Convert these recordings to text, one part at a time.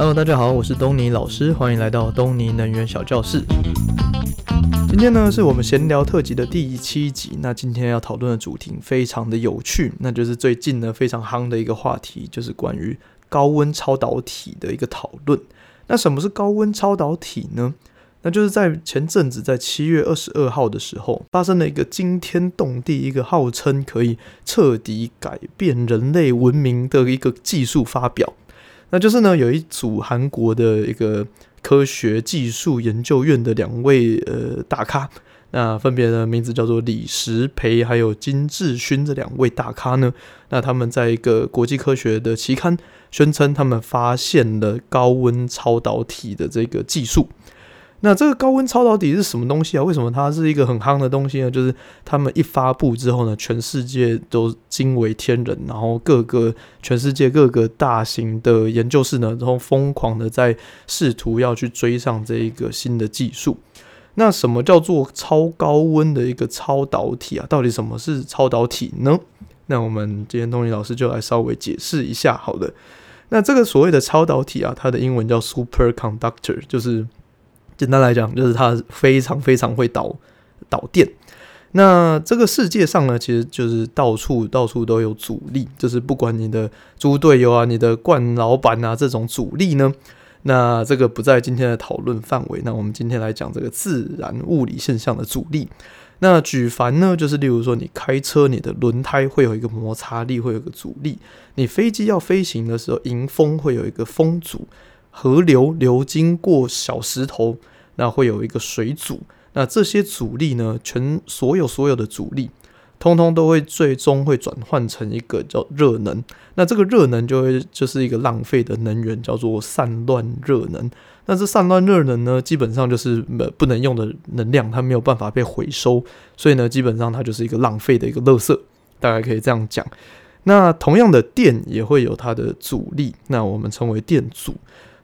Hello，大家好，我是東尼老師，歡迎來到東尼能源小教室。今天呢，是我們閒聊特輯的第七集。那今天要討論的主題非常的有趣，那就是最近呢非常夯的一個話題，就是關於高溫超導體的一個討論。那什麼是高溫超導體呢？那就是在前陣子在七月二十二號的時候，發生了一個驚天動地、一個號稱可以徹底改變人類文明的一個技術發表。那就是呢，有一組韓國的一個科學技術研究院的兩位呃大咖，那分別呢，名字叫做李石培還有金智勳這兩位大咖呢，那他們在一個國際科學的期刊宣稱他們發現了高溫超導體的這個技術。那這個高溫超導體是什麼東西啊？為什麼它是一個很夯的東西呢？就是他們一發佈之後呢，全世界都驚為天人，然後各個全世界各個大型的研究室呢，都瘋狂的在試圖要去追上這一個新的技術。那什麼叫做超高溫的一個超導體啊？到底什麼是超導體呢？那我們今天東尼老師就來稍微解釋一下。好了，那這個所謂的超導體啊，它的英文叫 superconductor，就是。簡單來講，就是它非常非常會導導電。那這個世界上呢，其實就是到處到處都有阻力，就是不管你的豬隊友啊、你的慣老闆啊，這種阻力呢，那這個不在今天的討論範圍。那我們今天來講這個自然物理現象的阻力。那舉凡呢，就是例如說你開車，你的輪胎會有一個摩擦力，會有一個阻力；你飛機要飛行的時候，迎風會有一個風阻。河流流經過小石頭，那會有一個水阻。那這些阻力呢，全所有所有的阻力，通通都會最終會轉換成一個叫熱能。那這個熱能就會就是一個浪費的能源，叫做散亂熱能。那這散亂熱能呢，基本上就是呃不能用的能量，它沒有辦法被回收，所以呢，基本上它就是一個浪費的一個垃圾。大概可以這樣講。那同樣的電也會有它的阻力，那我們稱為電阻。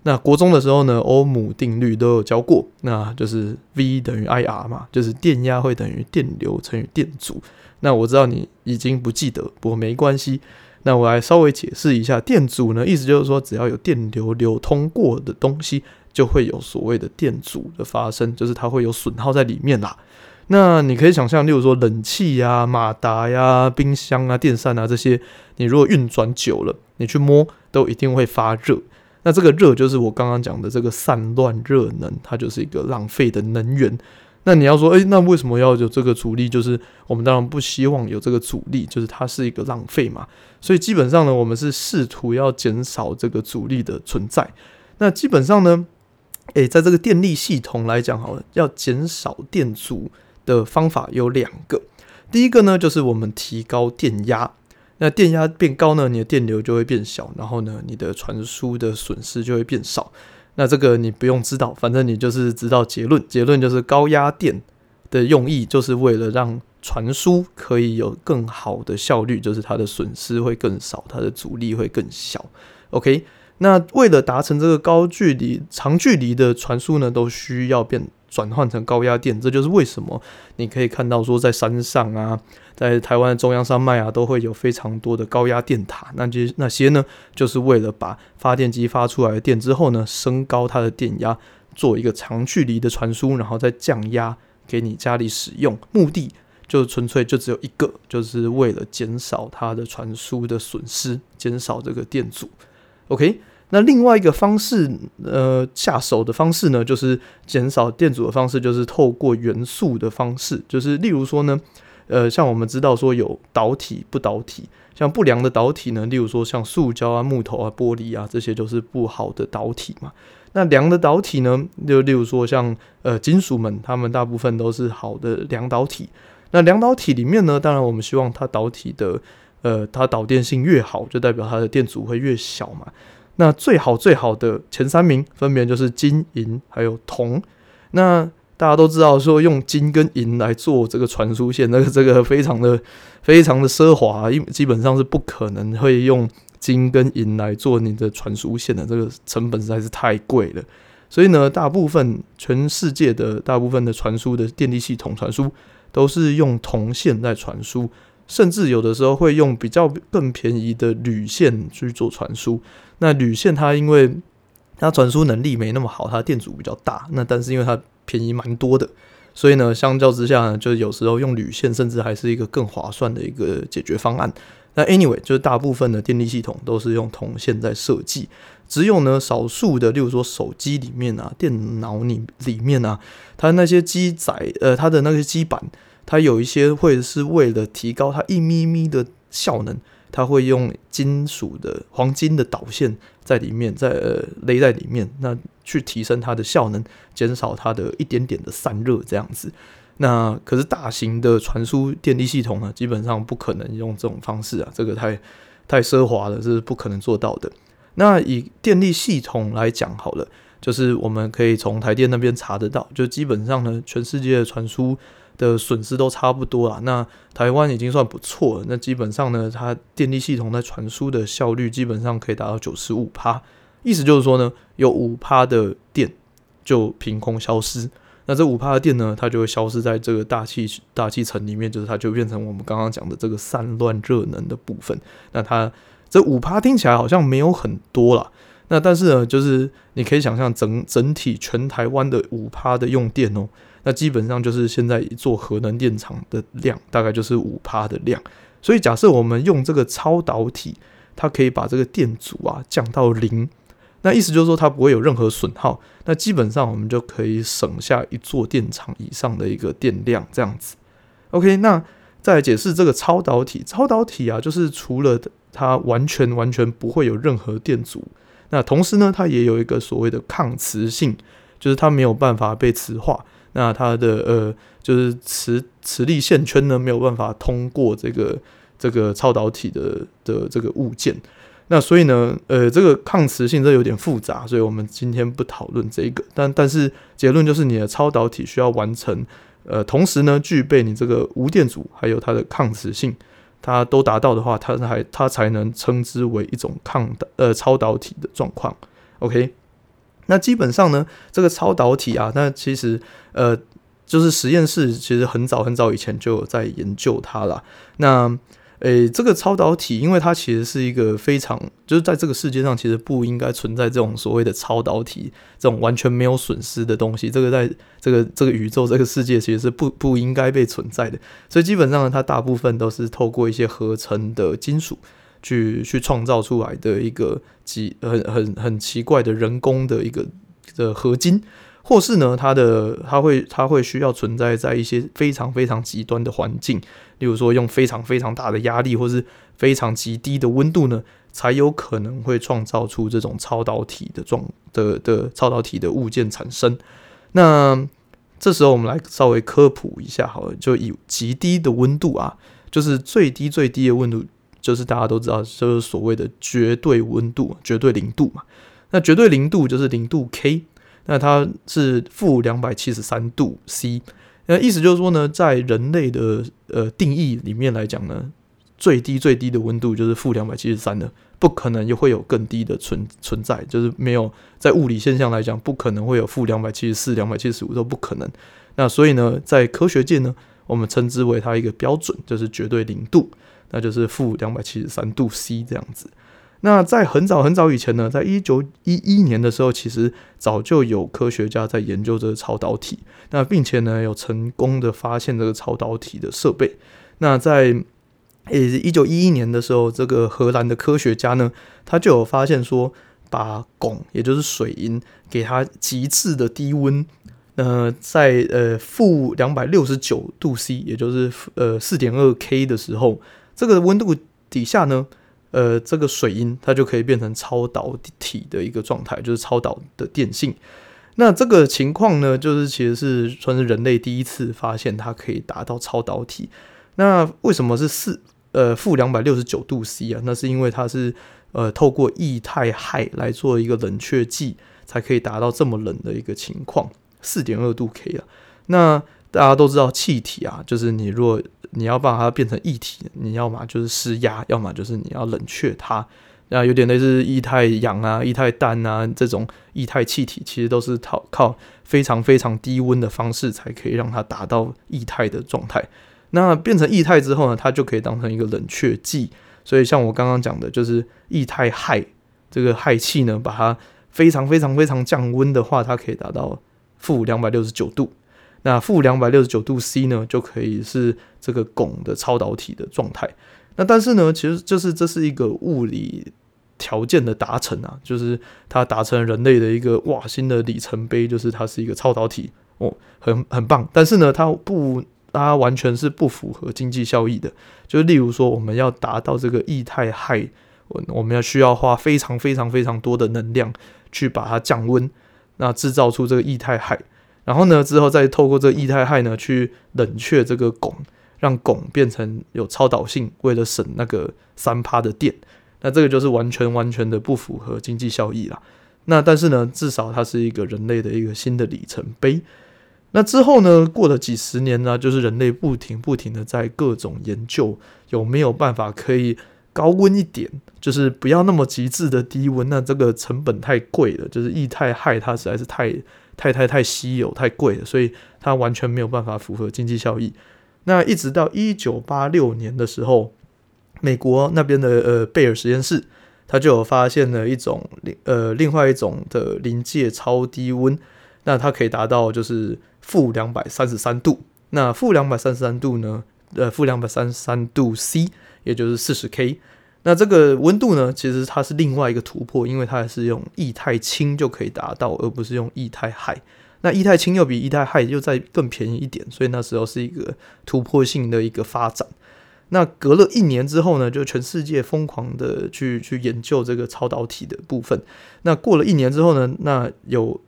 那國中的時候呢，歐姆定律都有教過，那就是 V 等於 IR 嘛，就是電壓會等於電流乘以電阻。那我知道你已經不記得，不過沒關係。那我來稍微解釋一下，電阻呢，意思就是說，只要有電流流通過的東西，就會有所謂的電阻的發生，就是它會有損耗在裡面啦。那你可以想象，例如說冷氣呀、啊、馬達呀、啊、冰箱啊、電扇啊這些，你如果運轉久了，你去摸都一定會發熱。那這個熱就是我剛剛講的這個散亂熱能，它就是一個浪費的能源。那你要說，誒、欸,那為什麼要有這個阻力？就是我們當然不希望有這個阻力，就是它是一個浪費嘛。所以基本上呢，我們是試圖要減少這個阻力的存在。那基本上呢，誒、欸，在這個電力系統來講，好了，要減少電阻的方法有兩個。第一個呢，就是我們提高電壓。那電壓變高呢，你的電流就會變小，然後呢，你的傳輸的損失就會變少。那這個你不用知道，反正你就是知道結論。結論就是高壓電的用意，就是為了讓傳輸可以有更好的效率，就是它的損失會更少，它的阻力會更小。OK，那為了達成這個高距離、長距離的傳輸呢，都需要變。轉換成高壓電，這就是為什麼你可以看到說在山上啊，在台灣的中央山脈啊，都會有非常多的高壓電塔。那就那些呢，就是為了把發電機發出來的電之後呢，升高它的電壓，做一個長距離的傳輸，然後再降壓給你家裡使用。目的就純粹就只有一個，就是為了減少它的傳輸的損失，減少這個電阻。OK。那另外一個方式，呃，下手的方式呢，就是減少電阻的方式，就是透過元素的方式，就是例如說呢，呃，像我們知道說有導體、不導體，像不良的導體呢，例如說像塑膠啊、木頭啊、玻璃啊，這些就是不好的導體嘛。那良的導體呢，就例如說像呃金屬們，他們大部分都是好的良導體。那良導體裡面呢，當然我們希望它導體的，呃，它導電性越好，就代表它的電阻會越小嘛。那最好最好的前三名分別就是金、銀還有銅。那大家都知道，說用金跟銀來做這個傳輸線，那個這個非常的非常的奢華，基本上是不可能會用金跟銀來做你的傳輸線的，這個成本實在是太貴了。所以呢，大部分全世界的大部分的傳輸的電力系統傳輸都是用銅線在傳輸。甚至有的時候會用比較更便宜的鋁線去做傳輸。那鋁線它因為它傳輸能力沒那麼好，它的電阻比較大。那但是因為它便宜蠻多的，所以呢，相較之下呢，就有時候用鋁線甚至還是一個更划算的一個解決方案。那 anyway，就是大部分的電力系統都是用銅線在設計，只有呢少數的，例如說手機裡面啊、電腦裡裡面啊，它那些機仔，呃，它的那些機板。它有一些會是為了提高它一咪咪的效能，它會用金屬的、黃金的導線在裡面，在呃勒在裡面，那去提升它的效能，減少它的一點點的散熱這樣子。那可是大型的傳輸電力系統呢，基本上不可能用這種方式啊，這個太太奢華了，這是不可能做到的。那以電力系統來講好了，就是我們可以從台電那邊查得到，就基本上呢，全世界的傳輸。的損失都差不多啦。那台灣已經算不錯了，那基本上呢，它電力系統在傳輸的效率基本上可以達到九十五趴。意思就是說呢，有五趴的電就憑空消失。那這五趴的電呢，它就會消失在這個大氣大氣層裡面，就是它就變成我們剛剛講的這個散亂熱能的部分。那它這五趴聽起來好像沒有很多啦。那但是呢，就是你可以想象整整體全台灣的五趴的用電喔。那基本上就是現在一座核能電廠的量，大概就是五趴的量。所以假設我們用這個超導體，它可以把這個電阻啊降到零。那意思就是說它不會有任何損耗。那基本上我們就可以省下一座電廠以上的一個電量這樣子。OK，那再來解釋這個超導體。超導體啊，就是除了它完全完全不會有任何電阻，那同時呢，它也有一個所謂的抗磁性，就是它沒有辦法被磁化。那它的呃，就是磁磁力線圈呢，沒有辦法通過這個這個超導體的的這個物件。那所以呢，呃，這個抗磁性這有點複雜，所以我們今天不討論這個。但但是結論就是，你的超導體需要完成呃，同時呢具備你這個無電阻，還有它的抗磁性，它都達到的話，它還它才能稱之為一種抗呃超導體的狀況。OK。那基本上呢，這個超導體啊，那其實呃，就是實驗室其實很早很早以前就有在研究它啦。那誒、欸，這個超導體，因為它其實是一個非常，就是在這個世界上其實不應該存在這種所謂的超導體，這種完全沒有損失的東西，這個在這個這個宇宙這個世界其實是不不應該被存在的。所以基本上呢，它大部分都是透過一些合成的金屬。去去創造出來的一個極，很很很奇怪的人工的一個的合金，或是呢，它的它會它會需要存在在一些非常非常極端的環境，例如說用非常非常大的壓力，或是非常極低的溫度呢，才有可能會創造出這種超導體的狀的的超導體的物件產生。那這時候我們來稍微科普一下，好了，就以極低的溫度啊，就是最低最低的溫度。就是大家都知道，就是所謂的絕對溫度，絕對零度嘛。那絕對零度就是零度 K，那它是負兩百七十三度 C。那意思就是說呢，在人類的呃定義裡面來講呢，最低最低的溫度就是負兩百七十三的，不可能又會有更低的存存在，就是沒有，在物理現象來講，不可能會有負兩百七十四、兩百七十五都不可能。那所以呢，在科學界呢，我們稱之為它一個標準，就是絕對零度。那就是負兩百七十三度 C 這樣子。那在很早很早以前呢，在一九一一年的時候，其實早就有科學家在研究這個超導體。那並且呢，有成功的發現這個超導體的設備。那在也是一九一一年的時候，這個荷蘭的科學家呢，他就有發現說，把汞，也就是水銀，給它極致的低溫，呃，在呃負兩百六十九度 C，也就是呃四點二 K 的時候。這個溫度底下呢，呃，這個水銀它就可以變成超導體的一個狀態，就是超導的電性。那這個情況呢，就是其實是算是人類第一次發現它可以達到超導體。那為什麼是四呃負兩百六十九度 C 啊？那是因為它是呃透過液態氦來做一個冷卻劑，才可以達到這麼冷的一個情況，四點二度 K 啊。那大家都知道氣體啊，就是你若你要把它變成液體，你要麼就是施壓，要麼就是你要冷卻它。那有點類似液態氧啊、液態氮啊這種液態氣體，其實都是靠靠非常非常低溫的方式才可以讓它達到液態的狀態。那變成液態之後呢，它就可以當成一個冷卻劑。所以像我剛剛講的，就是液態氦，這個氦氣呢，把它非常非常非常降溫的話，它可以達到負兩百六十九度。那負兩百六十九度 C 呢，就可以是這個汞的超導體的狀態。那但是呢，其實就是這是一個物理條件的達成啊，就是它達成人類的一個哇，新的里程碑，就是它是一個超導體哦，很很棒。但是呢，它不，它完全是不符合經濟效益的。就例如說，我們要達到這個液態氦，我我們要需要花非常非常非常多的能量去把它降溫，那制造出這個液態氦。然後呢，之後再透過這個液態氦呢，去冷卻這個汞，讓汞變成有超導性，為了省那個三趴的電，那這個就是完全完全的不符合經濟效益啦。那但是呢，至少它是一個人類的一個新的里程碑。那之後呢，過了幾十年呢，就是人類不停不停的在各種研究，有沒有辦法可以高溫一點，就是不要那麼極致的低溫，那這個成本太貴了，就是液態氦它實在是太。太太太稀有，太貴了，所以它完全沒有辦法符合經濟效益。那一直到一九八六年的時候，美國那邊的呃貝爾實驗室，它就有發現了一種呃另外一種的臨界超低溫，那它可以達到就是負兩百三十三度，那負兩百三十三度呢，呃負兩百三十三度 C，也就是四十 K。那這個溫度呢，其實它是另外一個突破，因為它是用液態氫就可以達到，而不是用液態氦。那液態氫又比液態氦又再更便宜一點，所以那時候是一個突破性的一個發展。那隔了一年之後呢，就全世界瘋狂的去去研究這個超導體的部分。那過了一年之後呢，那有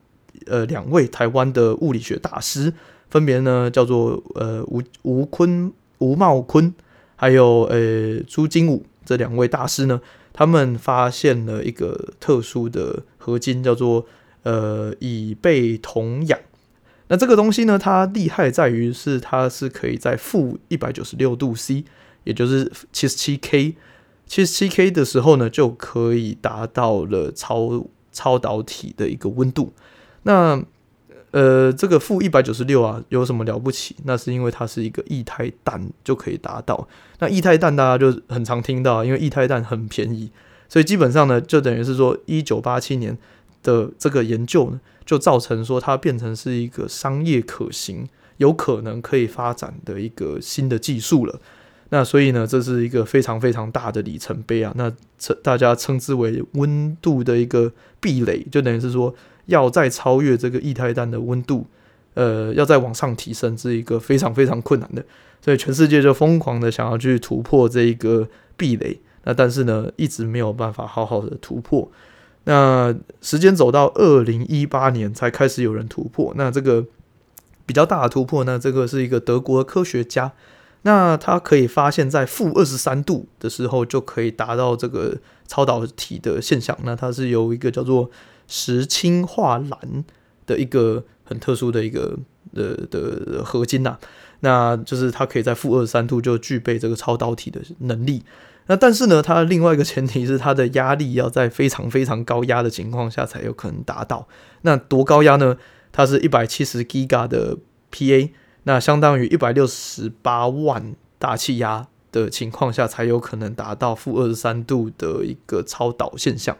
呃兩位台灣的物理學大師，分別呢叫做呃吳吳坤、吳茂坤，還有呃朱經武。這兩位大師呢，他們發現了一個特殊的合金，叫做呃，釔鋇銅氧。那這個東西呢，它厲害在於是它是可以在負一百九十六度 C，也就是七十七 K，七十七 K 的時候呢，就可以達到了超超導體的一個溫度。那呃，這個負一百九十六啊，有什麼了不起？那是因為它是一個液態氮就可以達到。那液態氮大家就很常聽到，因為液態氮很便宜，所以基本上呢，就等於是說，一九八七年的這個研究，就造成說它變成是一個商業可行、有可能可以發展的一個新的技術了。那所以呢，這是一個非常非常大的里程碑啊。那這大家稱之為溫度的一個壁壘，就等於是說，要再超越這個液態氮的溫度，呃，要再往上提升，是一個非常非常困難的，所以全世界就瘋狂的想要去突破這一個壁壘。那但是呢，一直沒有辦法好好的突破。那時間走到二零一八年，才開始有人突破。那這個比較大的突破呢，這個是一個德國科學家，那他可以發現，在負二十三度的時候，就可以達到這個超導體的現象。那它是有一個叫做。十氫化鑭的一個很特殊的一個呃的,的,的合金吶、啊，那就是它可以在負二三度就具備這個超導體的能力。那但是呢，它的另外一個前提是它的壓力要在非常非常高壓的情況下才有可能達到。那多高壓呢？它是一百七十 Giga 的 Pa，那相當於一百六十八萬大氣壓的情況下才有可能達到負二三度的一個超導現象。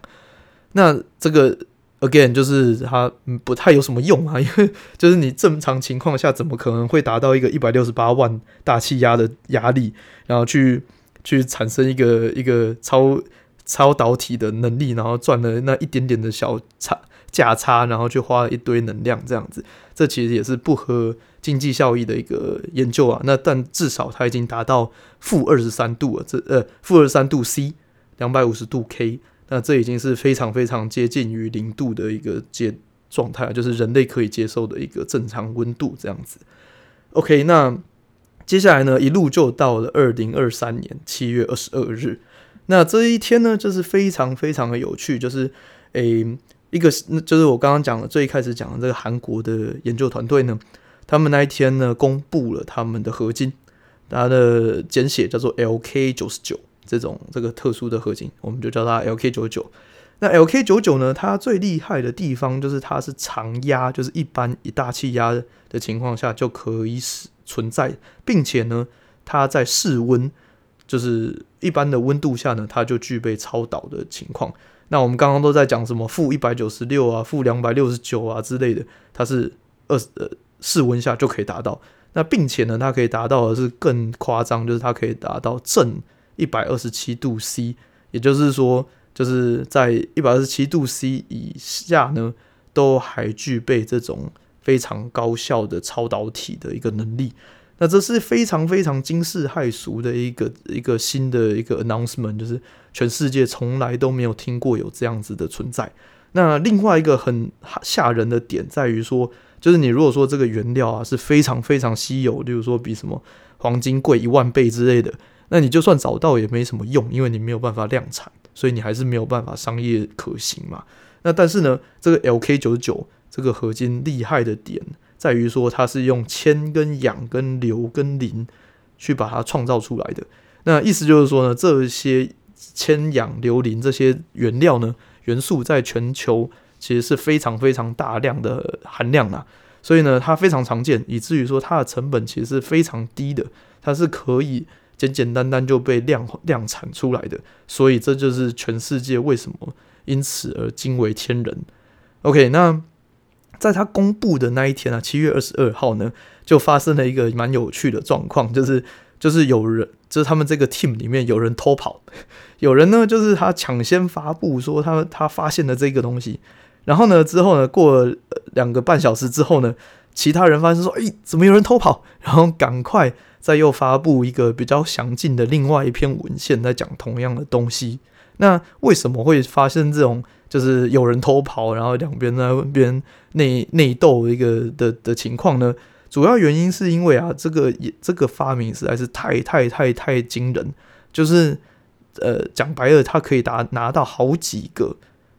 那這個。Again，就是它不太有什麼用啊，因為就是你正常情況下怎麼可能會達到一個一百六十八萬大氣壓的壓力，然後去去產生一個一個超超導體的能力，然後賺了那一點點的小差價差，然後去花了一堆能量這樣子，這其實也是不合經濟效益的一個研究啊。那但至少它已經達到負二十三度了，這呃負二十三度 C，兩百五十度 K。那這已經是非常非常接近於零度的一個接狀態，就是人類可以接受的一個正常溫度這樣子。OK，那接下來呢，一路就到了二零二三年七月二十二日。那這一天呢，就是非常非常的有趣，就是誒、欸，一個是就是我剛剛講的最開始講的這個韓國的研究團隊呢，他們那一天呢，公布了他們的合金，它的簡寫叫做 LK 九十九。這種這個特殊的合金，我們就叫它 LK 九九。那 LK 九九呢？它最厲害的地方就是它是常壓，就是一般一大氣壓的情況下就可以是存在，並且呢，它在室溫，就是一般的溫度下呢，它就具備超導的情況。那我們剛剛都在講什麼負一百九十六啊、負兩百六十九啊之類的，它是二、呃、室溫下就可以達到。那並且呢，它可以達到的是更誇張，就是它可以達到正。一百二十七度 C，也就是說，就是在一百二十七度 C 以下呢，都還具備這種非常高效的超導體的一個能力。那這是非常非常驚世駭俗的一個一個新的一個 announcement，就是全世界從來都沒有聽過有這樣子的存在。那另外一個很嚇人的點在於說，就是你如果說這個原料啊是非常非常稀有，例如說比什麼黃金貴一萬倍之類的。那你就算找到也沒什麼用，因為你沒有辦法量產，所以你還是沒有辦法商業可行嘛。那但是呢，這個 LK99 這個合金厲害的點在於說，它是用鉛、跟氧、跟硫、跟磷去把它創造出來的。那意思就是說呢，這些鉛、氧、硫、磷這些原料呢，元素在全球其實是非常非常大量的含量啦。所以呢，它非常常見，以至於說它的成本其實是非常低的，它是可以。簡簡單單就被量量產出來的，所以這就是全世界為什麼因此而驚為天人。OK，那在他公布的那一天啊，七月二十二號呢，就發生了一個蠻有趣的狀況，就是就是有人，就是他們這個 team 裡面有人偷跑，有人呢就是他搶先發布說他他發現了這個東西，然後呢之後呢過了、呃、兩個半小時之後呢，其他人發現說，誒、欸，怎麼有人偷跑？然後趕快。再又發布一個比較詳盡的另外一篇文獻，在講同樣的東西。那為什麼會發生這種就是有人偷跑，然後兩邊在邊內內鬥一個的的，的情況呢？主要原因是因為啊，這個也這個發明實在是太太太太驚人，就是呃講白了，他可以拿拿到好幾個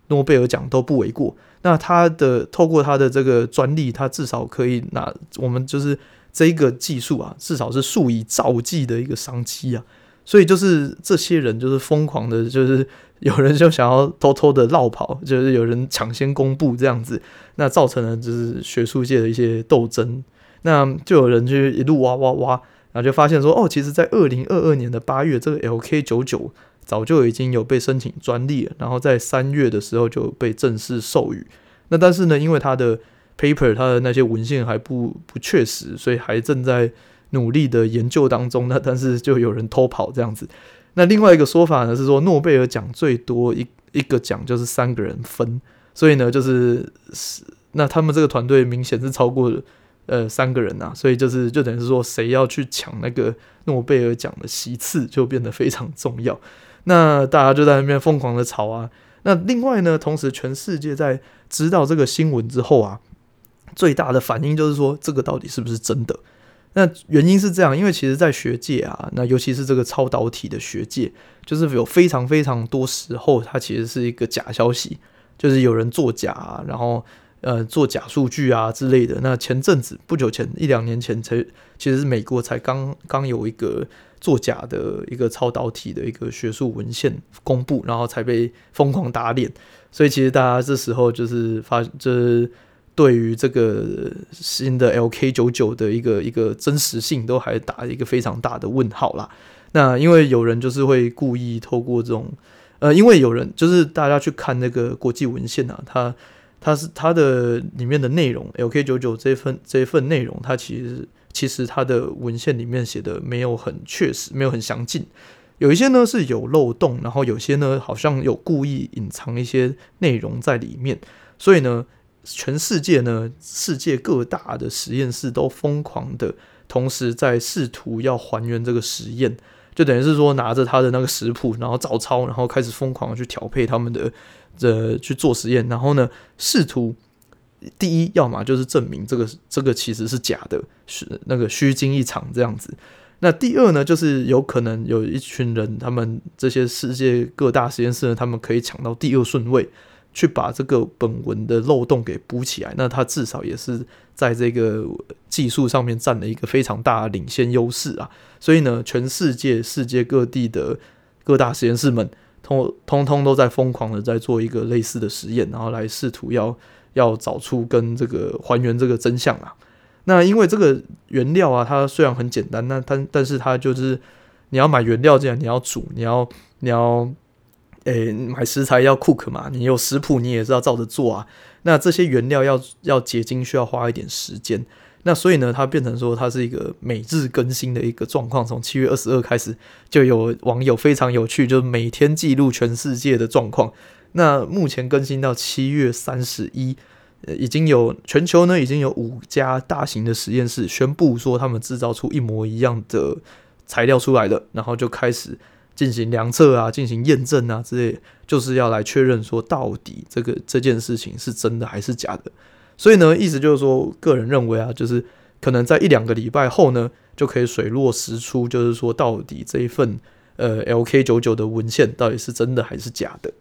諾貝爾獎都不為過。那他的透過他的這個專利，他至少可以拿我們就是。這個技術啊，至少是數以兆計的一個商機啊，所以就是這些人就是瘋狂的，就是有人就想要偷偷的落跑，就是有人搶先公布這樣子，那造成了就是學術界的一些鬥爭，那就有人就一路挖挖挖，然後就發現說，哦，其實，在二零二二年的八月，這個 LK 九九早就已經有被申請專利了，然後在三月的時候就被正式授予。那但是呢，因為它的 paper 他的那些文獻還不不確實，所以還正在努力的研究當中。那但是就有人偷跑這樣子。那另外一個說法呢是說，諾貝爾獎最多一一個獎就是三個人分，所以呢就是是那他們這個團隊明顯是超過呃三個人吶啊，所以就是就等於是說誰要去搶那個諾貝爾獎的席次就變得非常重要。那大家就在那邊瘋狂的吵啊。那另外呢，同時全世界在知道這個新聞之後啊。最大的反應就是說，這個到底是不是真的？那原因是這樣，因為其實，在學界啊，那尤其是這個超導體的學界，就是有非常非常多時候，它其實是一個假消息，就是有人作假啊，然後呃，作假數據啊之類的。那前陣子，不久前一兩年前才，才其實是美國才剛剛有一個作假的一個超導體的一個學術文獻公布，然後才被瘋狂打臉。所以其實大家這時候就是發就是。對於這個新的 LK 九九的一個一個真實性，都還打一個非常大的問號啦。那因為有人就是會故意透過這種，呃，因為有人就是大家去看那個國際文獻啊，它，它是它的裡面的內容，LK 九九這份，這份內容，它其實其實它的文獻裡面寫的沒有很確實，沒有很詳盡，有一些呢是有漏洞，然後有些呢好像有故意隱藏一些內容在裡面，所以呢。全世界呢，世界各大的實驗室都瘋狂的，同時在試圖要還原這個實驗，就等於是說拿着他的那個食譜，然後照抄，然後開始瘋狂的去調配他們的，呃，去做實驗，然後呢，試圖第一要嘛就是證明這個這個其實是假的，是那個虛驚一場這樣子。那第二呢，就是有可能有一群人，他們這些世界各大實驗室呢，他們可以搶到第二順位。去把這個本文的漏洞給補起來，那它至少也是在這個技術上面佔了一個非常大的領先優勢啊。所以呢，全世界世界各地的各大實驗室們，通通通都在瘋狂的在做一個類似的實驗，然後來試圖要要找出跟這個還原這個真相啊。那因為這個原料啊，它雖然很簡單，那但但是它就是你要買原料這樣，你要煮，你要你要。誒、欸，買食材要 cook 嘛，你有食譜，你也是要照着做啊。那這些原料要要結晶，需要花一點時間。那所以呢，它變成說，它是一個每日更新的一個狀況。從七月二十二開始，就有網友非常有趣，就是每天記錄全世界的狀況。那目前更新到七月三十一，呃，已經有全球呢，已經有五家大型的實驗室宣布說，他們製造出一模一樣的材料出來了，然後就開始。進行量測啊，進行驗證啊，之類，就是要來確認說到底這個這件事情是真的還是假的。所以呢，意思就是說，個人認為啊，就是可能在一兩個禮拜後呢，就可以水落石出，就是說到底這一份呃 LK 九九的文獻到底是真的還是假的。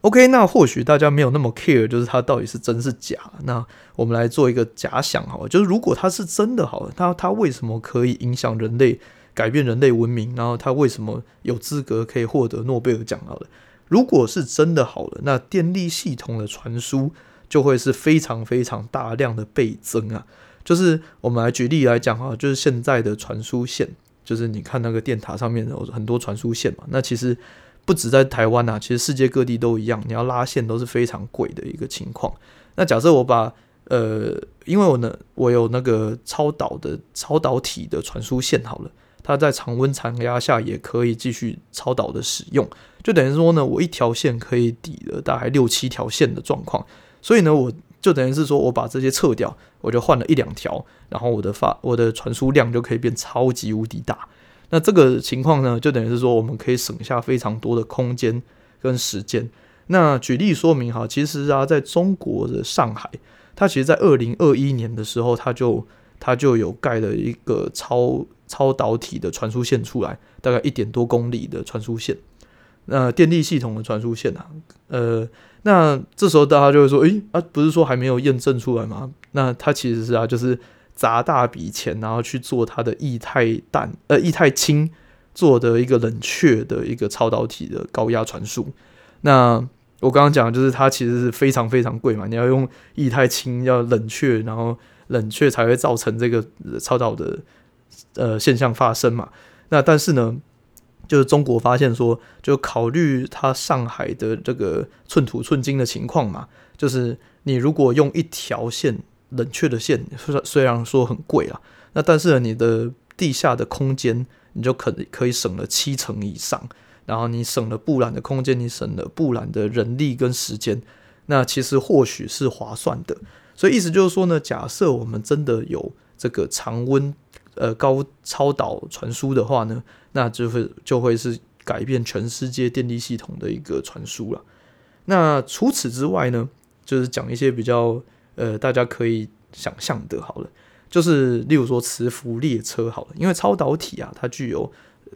OK，那或許大家沒有那麼 care，就是它到底是真是假。那我們來做一個假想好了，就是如果它是真的，好了，它它為什麼可以影響人類？改變人類文明，然後它為什麼有資格可以獲得諾貝爾獎？好了，如果是真的好了，那電力系統的傳輸就會是非常非常大量的倍增啊！就是我們來舉例來講啊，就是現在的傳輸線，就是你看那個電塔上面有很多傳輸線嘛。那其實不止在台灣啊，其實世界各地都一樣。你要拉線都是非常貴的一個情況。那假設我把呃，因為我呢，我有那個超導的超導體的傳輸線好了。它在常溫常壓下也可以繼續超導的使用，就等於說呢，我一條線可以抵了大概六七條線的狀況，所以呢，我就等於是說我把這些撤掉，我就換了一兩條，然後我的發我的傳輸量就可以變超級無敵大。那這個情況呢，就等於是說我們可以省下非常多的空間跟時間。那舉例說明哈，其實啊，在中國的上海，它其實，在二零二一年的時候，它就它就有蓋了一個超。超導體的傳輸線出來，大概一點多公里的傳輸線，那電力系統的傳輸線啊，呃，那這時候大家就會說，哎、欸，啊，不是說還沒有驗證出來嗎？那它其實是啊，就是砸大筆錢，然後去做它的液態氮，呃，液態氫做的一個冷卻的一個超導體的高壓傳輸。那我剛剛講的，就是它其實是非常非常貴嘛，你要用液態氫要冷卻，然後冷卻才會造成這個超導的。呃，現象發生嘛？那但是呢，就是中國發現說，就考慮它上海的這個寸土寸金的情況嘛，就是你如果用一條線冷卻的線，雖雖然說很貴啊，那但是你的地下的空間你就可以可以省了七成以上，然後你省了布纜的空間，你省了布纜的人力跟時間，那其實或許是划算的。所以意思就是說呢，假設我們真的有這個常溫。呃，高超導傳輸的話呢，那就會就會是改變全世界電力系統的一個傳輸了。那除此之外呢，就是講一些比較呃大家可以想象的，好了，就是例如說磁浮列車好了，因為超導體啊，它具有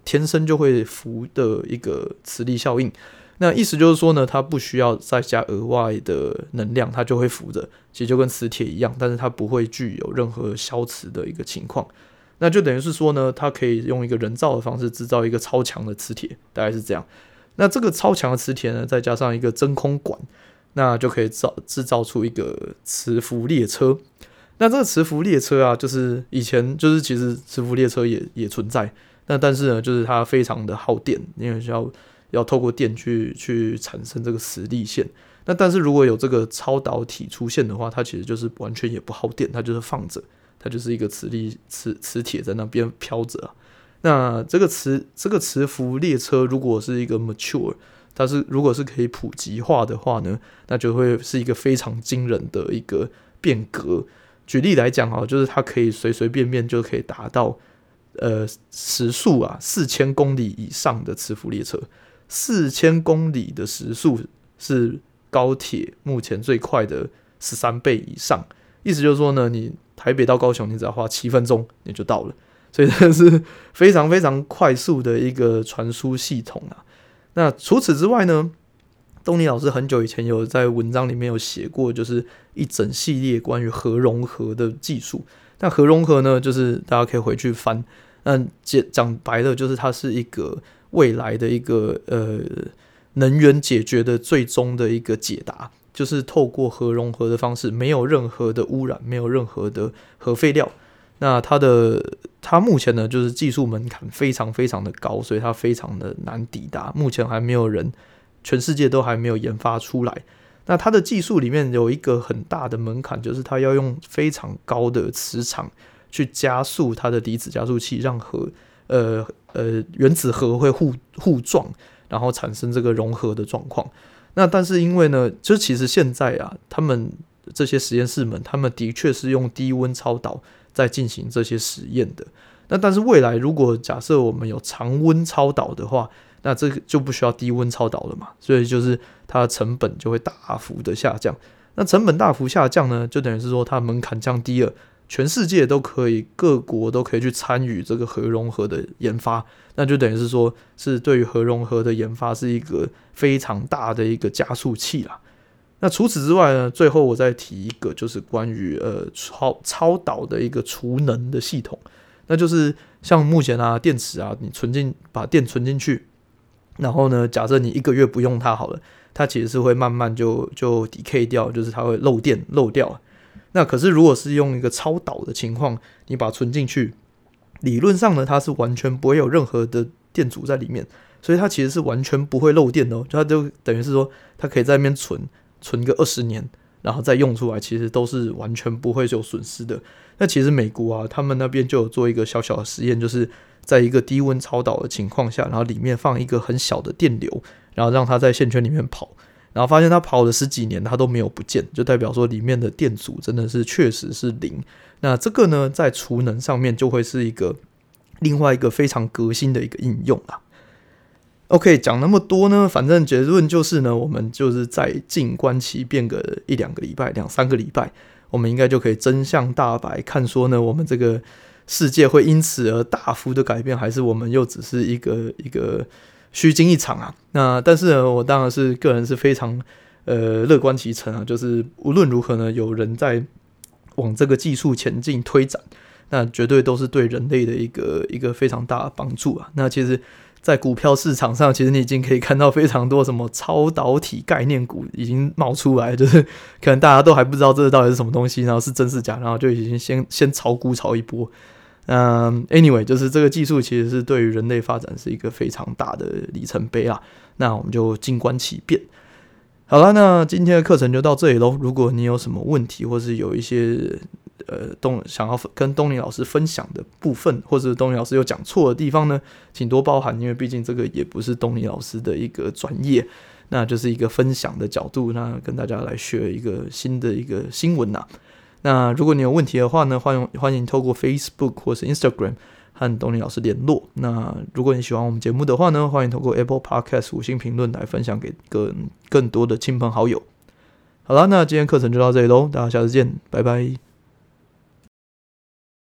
天生就會浮的一個磁力效應。那意思就是說呢，它不需要再加額外的能量，它就會浮着，其實就跟磁鐵一樣，但是它不會具有任何消磁的一個情況。那就等於是說呢，它可以用一個人造的方式製造一個超強的磁鐵，大概是這樣。那這個超強的磁鐵呢，再加上一個真空管，那就可以造製造出一個磁浮列車。那這個磁浮列車啊，就是以前就是其實磁浮列車也也存在，那但是呢，就是它非常的耗電，因為要要透過電去去產生這個磁力線。那但是如果有這個超導體出現的話，它其實就是完全也不耗電，它就是放着。它就是一個磁力磁磁鐵在那邊飄着啊。那這個磁這個磁浮列車如果是一個 mature，它是如果是可以普及化的話呢，那就會是一個非常驚人的一個變革。舉例來講啊，就是它可以隨隨便便就可以達到呃時速啊四千公里以上的磁浮列車，四千公里的時速是高鐵目前最快的十三倍以上。意思就是說呢，你台北到高雄，你只要花七分鐘，你就到了。所以這是非常非常快速的一個傳輸系統啊。那除此之外呢，東尼老師很久以前有在文章裡面有寫過，就是一整系列關於核融合的技術。那核融合呢，就是大家可以回去翻。那解講白了，就是它是一個未來的一個呃能源解決的最終的一個解答。就是透過核融合的方式，沒有任何的污染，沒有任何的核廢料。那它的它目前呢，就是技術門檻非常非常的高，所以它非常的難抵達。目前還沒有人，全世界都還沒有研發出來。那它的技術裡面有一個很大的門檻，就是它要用非常高的磁場去加速它的離子加速器，讓核呃呃原子核會互互撞，然後產生這個融合的狀況。那但是因為呢，就其實現在啊，他們這些實驗室們，他們的確是用低溫超導在進行這些實驗的。那但是未來如果假設我們有常溫超導的話，那這個就不需要低溫超導了嘛，所以就是它的成本就會大幅的下降。那成本大幅下降呢，就等於是說它門檻降低了。全世界都可以，各國都可以去參與這個核融合的研發，那就等於是說，是對於核融合的研發是一個非常大的一個加速器啦。那除此之外呢，最後我再提一個，就是關於呃超超導的一個儲能的系統，那就是像目前啊電池啊，你存進把電存進去，然後呢，假設你一個月不用它好了，它其實是會慢慢就就 decay 掉，就是它會漏電漏掉。那可是，如果是用一個超導的情況，你把它存進去，理論上呢，它是完全不會有任何的電阻在裡面，所以它其實是完全不會漏電的，就它就等於是說，它可以在那邊存存個二十年，然後再用出來，其實都是完全不會有損失的。那其實美國啊，他們那邊就有做一個小小的實驗，就是在一個低溫超導的情況下，然後裡面放一個很小的電流，然後讓它在線圈裡面跑。然後發現它跑了十幾年，它都沒有不見，就代表說裡面的電阻真的是確實是零。那這個呢，在儲能上面就會是一個另外一個非常革新的一個應用啦。OK，講那麼多呢，反正結論就是呢，我們就是在靜觀其變個一兩個禮拜、兩三個禮拜，我們應該就可以真相大白，看說呢，我們這個世界會因此而大幅的改變，還是我們又只是一個一個。虛驚一場啊！那但是呢，我當然是個人是非常，呃，樂觀其成啊。就是無論如何呢，有人在往這個技術前進推展，那絕對都是對人類的一個一個非常大的幫助啊。那其實，在股票市場上，其實你已經可以看到非常多什麼超導體概念股已經冒出來，就是可能大家都還不知道這到底是什麼東西，然後是真是假，然後就已經先先炒股炒一波。嗯，anyway，就是這個技術其實是對於人類發展是一個非常大的里程碑啊。那我們就靜觀其變。好了，那今天的課程就到這裡嘍。如果你有什麼問題，或是有一些呃東想要跟東尼老師分享的部分，或是東尼老師有講錯的地方呢，請多包涵，因為畢竟這個也不是東尼老師的一個專業，那就是一個分享的角度，那跟大家來學一個新的一個新聞吶、啊。那如果你有問題的話呢，歡迎歡迎透過 Facebook 或是 Instagram 和董尼老師聯絡。那如果你喜歡我們節目的話呢，歡迎透過 Apple Podcast 五星評論來分享給更更多的親朋好友。好啦，那今天課程就到這裡嘍，大家下次見，拜拜。